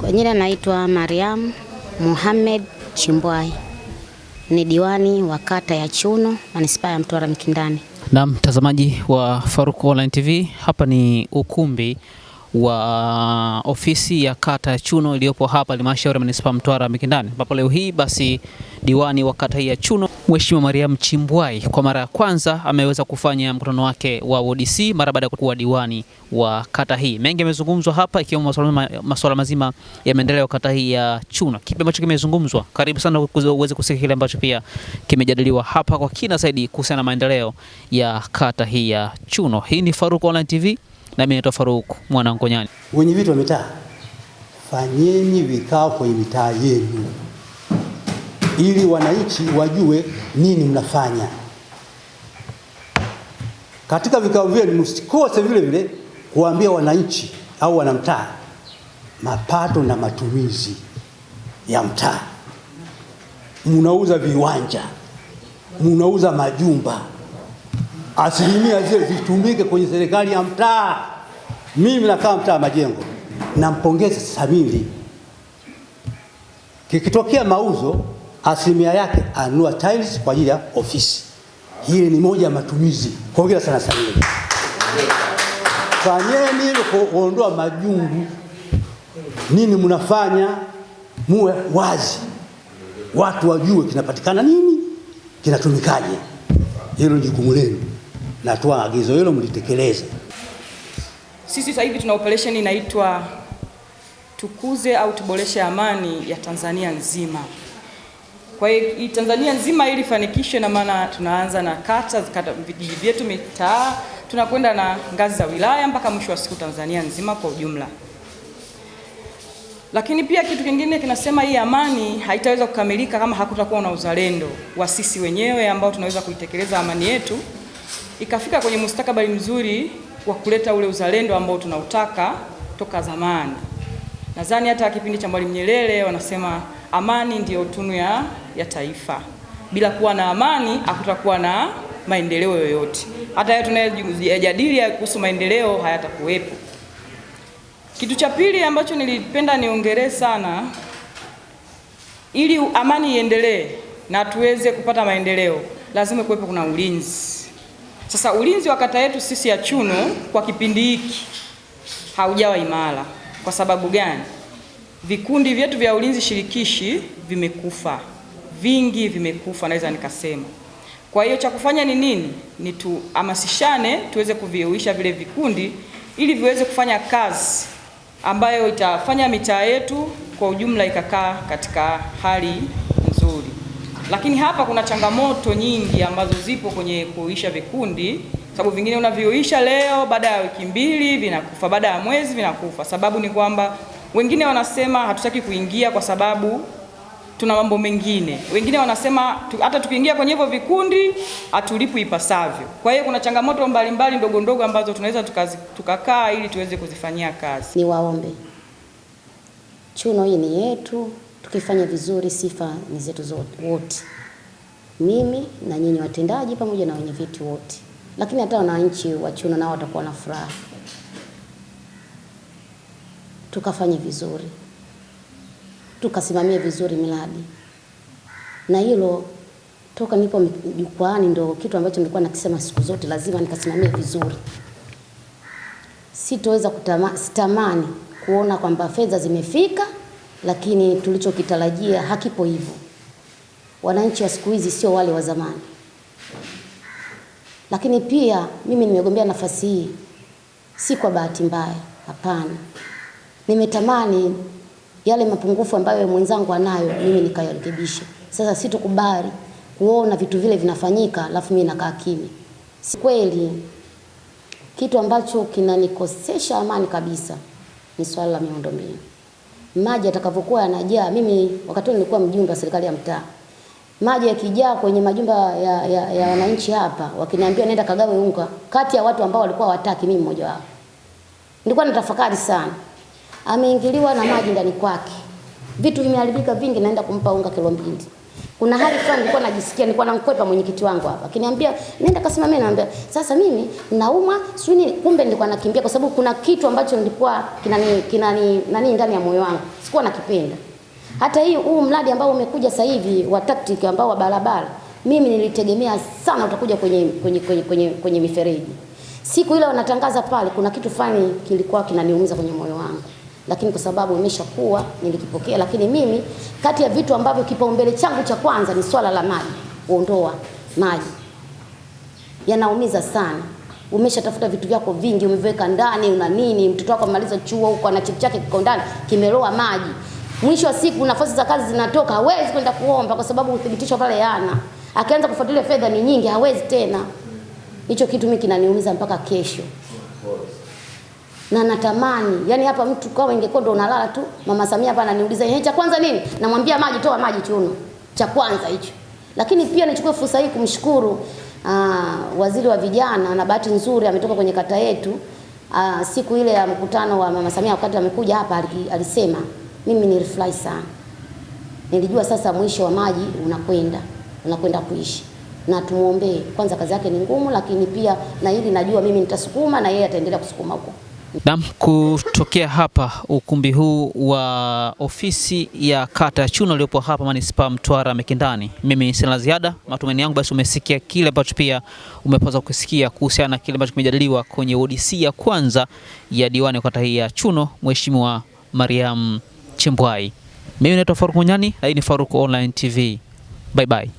Kwa jina naitwa Mariam Muhamed Chimbwai, ni diwani wa kata ya Chuno, manispaa ya Mtwara Mikindani. Na mtazamaji wa Faruku Online TV, hapa ni ukumbi wa ofisi ya kata ya Chuno iliyopo hapa halmashauri ya manispaa Mtwara Mikindani, ambapo leo hii basi diwani wa kata hii ya Chuno Mheshimiwa Mariam Chimbwai kwa mara ya kwanza ameweza kufanya mkutano wake wa wodi mara baada ya kuwa diwani wa kata hii. Mengi yamezungumzwa hapa ikiwemo masuala mazima ya maendeleo kata hii ya Chuna. Kipi ambacho kimezungumzwa? Karibu sana uweze kusikia kile ambacho pia kimejadiliwa hapa kwa kina zaidi kuhusiana na maendeleo ya kata hii ya Chuno. Hii ni Faruku Online TV na mimi naitwa Faruku Mwanangonyani. Wenye vitu wa mitaa, fanyeni vikao kwenye mitaa yenu ili wananchi wajue nini mnafanya. Katika vikao vyenu msikose vile vile kuambia wananchi au wanamtaa mapato na matumizi ya mtaa. Mnauza viwanja, mnauza majumba, asilimia zile zitumike kwenye serikali ya mtaa. Mimi nakaa mtaa Majengo, nampongeza Samili kikitokea mauzo asilimia yake anua tiles kwa ajili ya ofisi. Hili ni moja ya matumizi Hongera sana sana. Fanyeni ili kuondoa majungu. Nini mnafanya? Muwe wazi, watu wajue kinapatikana nini, kinatumikaje. Hilo ni jukumu lenu, natoa agizo hilo mlitekeleze. Sisi sasa hivi tuna operation inaitwa Tukuze au Tuboreshe Amani ya Tanzania nzima. Kwa hiyo Tanzania nzima ili fanikishe, na maana tunaanza na kata, kata vijiji vyetu, mitaa, tunakwenda na ngazi za wilaya mpaka mwisho wa siku Tanzania nzima kwa ujumla. Lakini pia kitu kingine kinasema hii amani haitaweza kukamilika kama hakutakuwa na uzalendo wa sisi wenyewe ambao tunaweza kuitekeleza amani yetu ikafika kwenye mustakabali mzuri wa kuleta ule uzalendo ambao tunautaka toka zamani. Nadhani hata kipindi cha Mwalimu Nyerere wanasema amani ndiyo tunu ya, ya taifa. Bila kuwa na amani hakutakuwa na maendeleo yoyote, hata hayo tunayojadili kuhusu maendeleo hayatakuwepo. Kitu cha pili ambacho nilipenda niongelee sana, ili amani iendelee na tuweze kupata maendeleo, lazima kuwepo kuna ulinzi. Sasa ulinzi wa kata yetu sisi ya Chuno kwa kipindi hiki haujawa imara. Kwa sababu gani? Vikundi vyetu vya ulinzi shirikishi vimekufa, vingi vimekufa, naweza nikasema. Kwa hiyo cha kufanya ni nini? Ni tuhamasishane, tuweze kuviuisha vile vikundi ili viweze kufanya kazi ambayo itafanya mitaa yetu kwa ujumla ikakaa katika hali nzuri. Lakini hapa kuna changamoto nyingi ambazo zipo kwenye kuisha vikundi, sababu vingine unaviuisha leo, baada ya wiki mbili vinakufa, baada ya mwezi vinakufa. Sababu ni kwamba wengine wanasema hatutaki kuingia kwa sababu tuna mambo mengine. Wengine wanasema tu, hata tukiingia kwenye hivyo vikundi hatulipu ipasavyo. Kwa hiyo kuna changamoto mbalimbali ndogo ndogo ambazo tunaweza tukakaa ili tuweze kuzifanyia kazi. Ni waombe chuno hii ni yetu, tukifanya vizuri sifa ni zetu wote, mimi na nyinyi watendaji pamoja na wenye viti wote, lakini hata wananchi wa chuno nao watakuwa na furaha tukafanye vizuri, tukasimamie vizuri miradi. Na hilo toka nipo jukwani ndo kitu ambacho nilikuwa nakisema siku zote, lazima nikasimamie vizuri. Sitoweza kutama, sitamani kuona kwamba fedha zimefika lakini tulichokitarajia hakipo hivyo. Wananchi wa siku hizi sio wale wa zamani. Lakini pia mimi nimegombea nafasi hii si kwa bahati mbaya, hapana nimetamani yale mapungufu ambayo mwenzangu anayo mimi nikayarekebishe. Sasa situkubali kuona vitu vile vinafanyika alafu mimi nakaa kimya. Si kweli. Kitu ambacho kinanikosesha amani kabisa ni swala la miundombinu. Maji atakavyokuwa yanajaa, mimi wakati nilikuwa mjumbe wa serikali ya mtaa, maji yakijaa kwenye majumba ya, ya, ya wananchi hapa, wakiniambia nenda kagawe unga, kati ya watu ambao walikuwa wataki, mimi mmoja wao, nilikuwa natafakari sana ameingiliwa na maji ndani kwake, vitu vimeharibika vingi, naenda kumpa unga kilo mbili. Kuna hali fulani nilikuwa najisikia, nilikuwa namkwepa mwenyekiti wangu hapa, akiniambia nenda kasimamia, naambia sasa mimi nauma sio nini, kumbe nilikuwa nakimbia kwa sababu kuna kitu ambacho nilikuwa kinani kinani nani ndani ya moyo wangu, sikuwa nakipenda. Hata hii huu mradi ambao umekuja sasa hivi wa tactic ambao wa barabara, mimi nilitegemea sana utakuja kwenye kwenye kwenye kwenye, kwenye mifereji. Siku ile wanatangaza pale, kuna kitu fulani kilikuwa kinaniumiza kwenye moyo wangu lakini kwa sababu imeshakuwa nilikipokea. Lakini mimi kati ya vitu ambavyo kipaumbele changu cha kwanza ni swala la maji, kuondoa maji yanaumiza sana. Umeshatafuta vitu vyako vingi, umeweka ndani, una nini, mtoto wako amaliza chuo huko ana cheti chake kiko ndani, kimeloa maji. Mwisho wa siku nafasi za kazi zinatoka, hawezi kwenda kuomba kwa sababu uthibitisho pale yana. Akianza kufuatilia fedha ni nyingi, hawezi tena. Hicho kitu mimi kinaniumiza mpaka kesho na natamani yani, hapa mtu kwa ingekuwa ndo unalala tu. Mama Samia hapa ananiuliza yeye, eh, cha kwanza nini? Namwambia maji, toa maji Chuno, cha kwanza hicho. Lakini pia nichukue fursa hii kumshukuru uh, waziri wa vijana, na bahati nzuri ametoka kwenye kata yetu. Aa, ah, siku ile ya mkutano wa mama Samia, wakati amekuja hapa alisema, mimi nilifurahi sana, nilijua sasa mwisho wa maji unakwenda unakwenda kuishi na tumuombee kwanza, kazi yake ni ngumu, lakini pia na hili najua mimi nitasukuma na yeye ataendelea kusukuma huko nam kutokea hapa ukumbi huu wa ofisi ya kata ya Chuno iliyopo hapa manispaa Mtwara Mikindani, mimi sina ziada. Matumaini yangu basi umesikia kile ambacho pia umepaswa kusikia kuhusiana na kile ambacho kimejadiliwa kwenye ODC ya kwanza ya diwani wa kata hii ya Chuno, Mheshimiwa Mariam Chimbwai. Mimi naitwa Faruk Munyani hii ni Faruk Online TV. Bye bye.